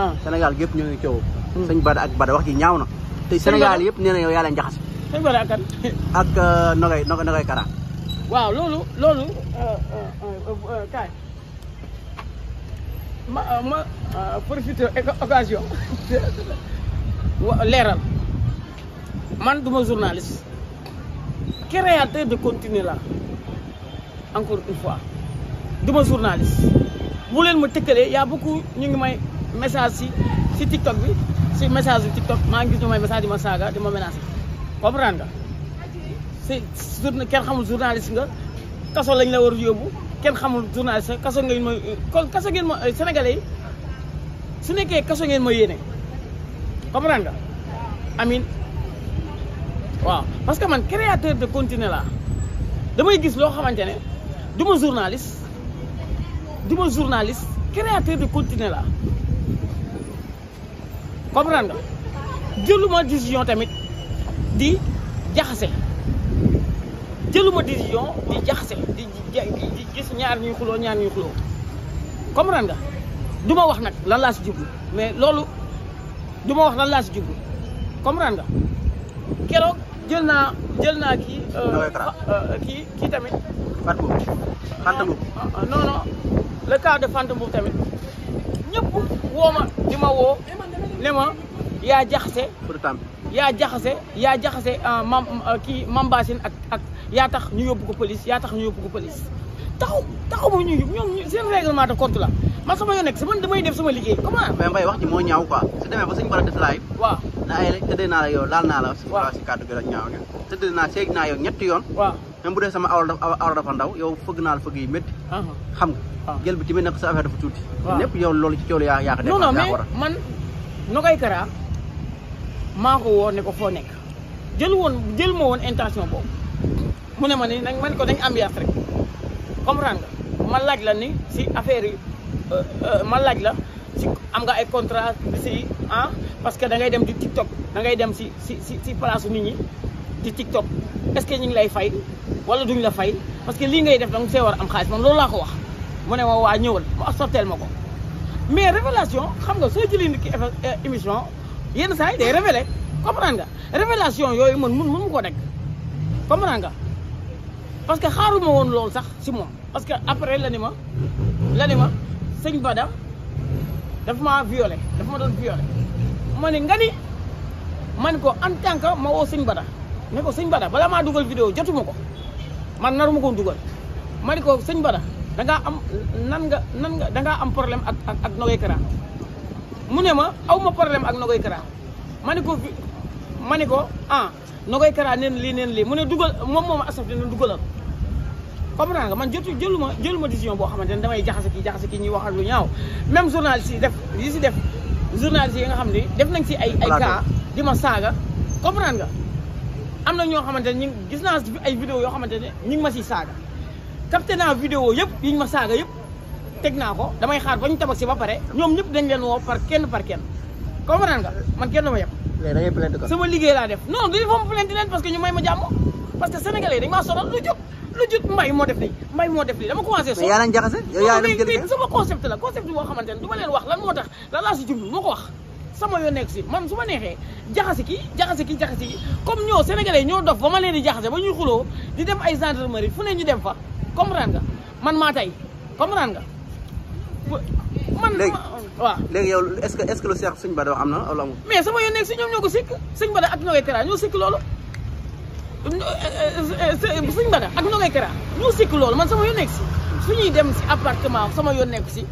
ah Sénégal yëpp ñu ngi coow. Hmm. sëñ Bada ak Bada wax ji ñaaw na. te Sénégal yëpp nee na yow yaa leen jaxase. sëñ Bada ak kan. ak euh, Nogay Nogay Kara. waaw loolu loolu. Euh, euh, kaay ma ma profité occasion leeral man duma journaliste créateur de contenu la encore une fois duma journaliste bu ma tëkkalee y a ñu ngi may. message si si TikTok bi si message bi TikTok maa ngi gis ñu may message di ma saaga di ma menacé comprendre nga si journée kenn xamul journaliste nga kaso lañ la war a yóbbu xamul journaliste kaso ngeen mooy kon kaso ngeen ma sénégalais yi su nekkee kaso ngeen ma yéene comprendre nga amin waaw parce que man créateur de contenu la damay gis loo xamante ne du ma journaliste du ma journaliste créateur de contenu la comprendre nga jëluma décision tamit di jaxase jëluma décision di jaxase di gis ñaar ñuy xuloo ñaar ñuy xuloo comprendre nga ma wax nag lan laa si mais loolu du ma wax lan laa si jublu comprendre nga keroog jël naa jël naa kii. Euh, euh, kii kii tamit. Fatou ah, ah, ah, le cas de Fanta tamit ñëpp woo ma di ne ma yaa jaxase. yaa jaxase yaa jaxase euh, mam euh, kii mambasin ak ak yaa tax ñu yóbbu ko police yaa tax ñu yóbbu ko police. taxaw taxaw ma ñu ñoom seen règlement la man nekk si man damay def sama liggéey comment. mais wax ji moo ñaaw quoi su demee ba suñu war a def live. naa la yow laal naa la. waaw si kàddu gi la ñaaw nga. tëddee naa seeg naa yow ñett yoon. waaw même bu dee sama awra dafa ndaw yow fëgg naa la fëgg yi métti. Uh-huh. xam nga. jël bi tamit nag sa affaire dafa tuuti. waaw lépp yow loolu ci coono yaa yaa ko a man. Nogaye Kara maa ko woone ko foo nekk jël woon jël ma woon intention boobu mu ne ma ni nañ man ko dañ ambiance rek comprendre nga ma laaj la ni si affaire yi euh, euh, ma laaj la si am nga ay contrat si ah parce que dangay dem di TikTok da dangay dem si si si si place nit ñi di TikTok est-ce que ñu ngi lay fay wala duñ la fay parce que lii ngay def danga see war am xaalis man loolu laa ko wax mu ne ma waa ñëwal mu sorteel ma ko mais révélation xam nga soo jëlee nit ki émission yenn saa yi day révélé comprendre nga révélation yooyu man mun mu ko nekk comprendre nga parce que xaaruma woon loolu sax si moom parce que après la ni ma la ma sëñ Bada daf maa violé daf ma doon violé ma ni nga ni man ko en tant que ma woo sëñ Bada ne ko sëñ Bada bala maa dugal vidéo jotuma ko man naruma ko dugal ma ni ko sëñ Bada da am nan nga nan nga da am problème ak ak ak Nogaye Kara mu ne ma aw ma problème ak Nogaye Kara ma ne ko ne ko ah Nogaye Kara neen lii neen lii mu ne dugal moom moom asaf dina dugalal comprendre nga man jotu jëluma jëluma décision boo xamante ne damay jaxase kii jaxase kii ñuy wax lu ñaaw même journaliste yi def yi si def journaliste yi nga xam ne def nañ si ay ay cas di ma saaga comprendre nga am na ñoo xamante ne ñu gis naa ay vidéo yoo xamante ne ñu ma siy saaga capté naa vidéo yëpp yi ñu ma saaga yëpp teg naa ko damay xaar ba ñu tabax si ba pare ñoom ñëpp dañ leen woo par kenn par kenn comprendre sama liggéey laa def non du fa ma plainte leen parce que ñu may ma jàmm parce que sénégalais dañ maa sonal lu jot comme ñoo sénégalais ñoo dof ba ma leen di jaxase ba ñuy xuloo di dem ay gendarmerie fu ne ñu dem fa comprendre nga man maa tey comprendre nga. man léegi waaw léegi yow est-ce que est-ce que lu am na wala amul. mais sama yoon nekk si ñoom ñoo ko sikk sëñ Bada ak ñoo koy teraa ñoo sikk loolu. Euh, euh, sëñ ak ñoo koy teraa ñoo man sama yoon nekk si su ñuy dem si appartement sama yoon nekk si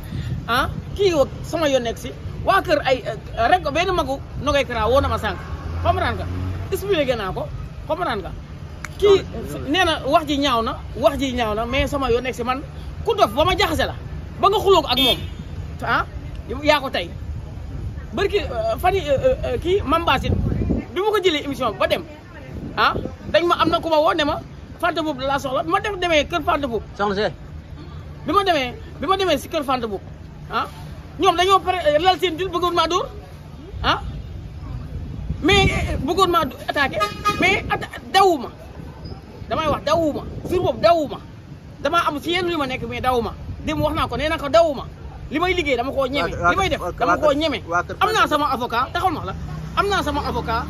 ah kii sama yoon nekk si waa kër ay euh, rek benn magu ñoo koy teraa woo na ma sànq comprendre nga expliqué naa ko comprendre nga. kii nee na wax ji ñaaw na wax ji ñaaw na mais sama yoon nekk si man ku dof ba ma jaxase la ba nga xuloo ko ak moom ah yaa ko tey barki euh, fan yi man euh, euh, Mambasin bi ma ko jëlee émission ba dem ah dañ ma am na ku ma woo ne ma Fanta Boobu laa soxla bi ma def demee kër Fanta Boobu. soxna si bi ma demee bi ma demee si kër Fanta Boobu ah ñoom dañoo pare lal seen dil bëggoon maa dóor ah mais bëggoon maa attaqué mais atta dawuma. damay wax dawuma jour boobu dawuma damaa am si yenn li ma nekk mais dawuma dem wax naa ko nee naa ko dawuma li may liggéey dama koo ñeme li may def dama koo ñeme am naa sama avocat taxal ma la am naa sama avocat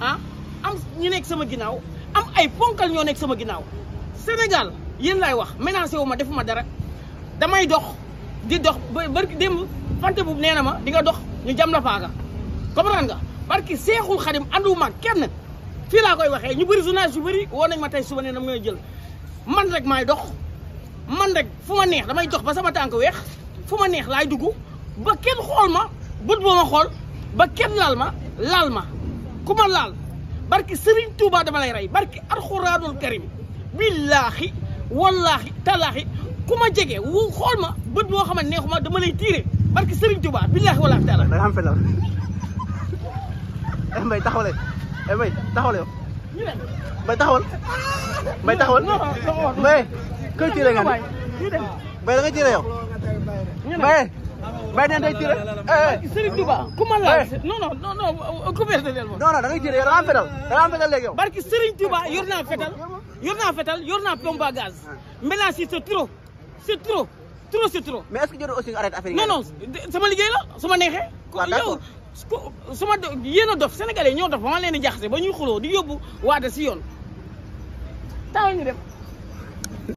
ah am ñu nekk sama ginnaaw am ay ponkal ñoo nekk sama ginnaaw Sénégal yéen laay wax menacé wu ma defuma dara damay dox di dox ba barki démb fante bu nee na ma di nga dox ñu jam la faaga comprendre nga barki seexul xadim andu ma kenn fii laa koy waxee ñu bëri journaliste yu bëri woo nañ ma tey suba ne dama ngay jël man rek may dox man rek fu ma neex damay dox ba sama tànk weex fu ma neex laay dugg ba kenn xool ma bët boo ma xool ba kenn laal ma laal ma ku ma laal barki Serigne Touba dama lay rey barki alxuraanul karim billaahi wallaahi talaahi ku ma jege wu xool ma bët boo xam ne neexu ma dama lay tiire barki Serigne Touba billaahi wallaahi taala. da nga am fenn la. mbay taxaw leen may taxawal yow may taxawal may taxawal may kër tiire nga ne may da nga tiire yow may may neen day tiire Serigne Touba ku ma laal non non non non ku bees da ngay tiire yow da nga am fetal da nga am fetal léegi yow barki Serigne Touba yor naa fetal yor naa fetal yor naa pompe à gaz mélange yi c'est trop c'est trop trop c'est trop mais est-ce sama liggéey la ma neexee eh? yow su ma yéen a dof sénégalais ñoo dof ba ma leen di jaxase ba ñuy xuloo di yóbbu waate si yoon taw ñu dem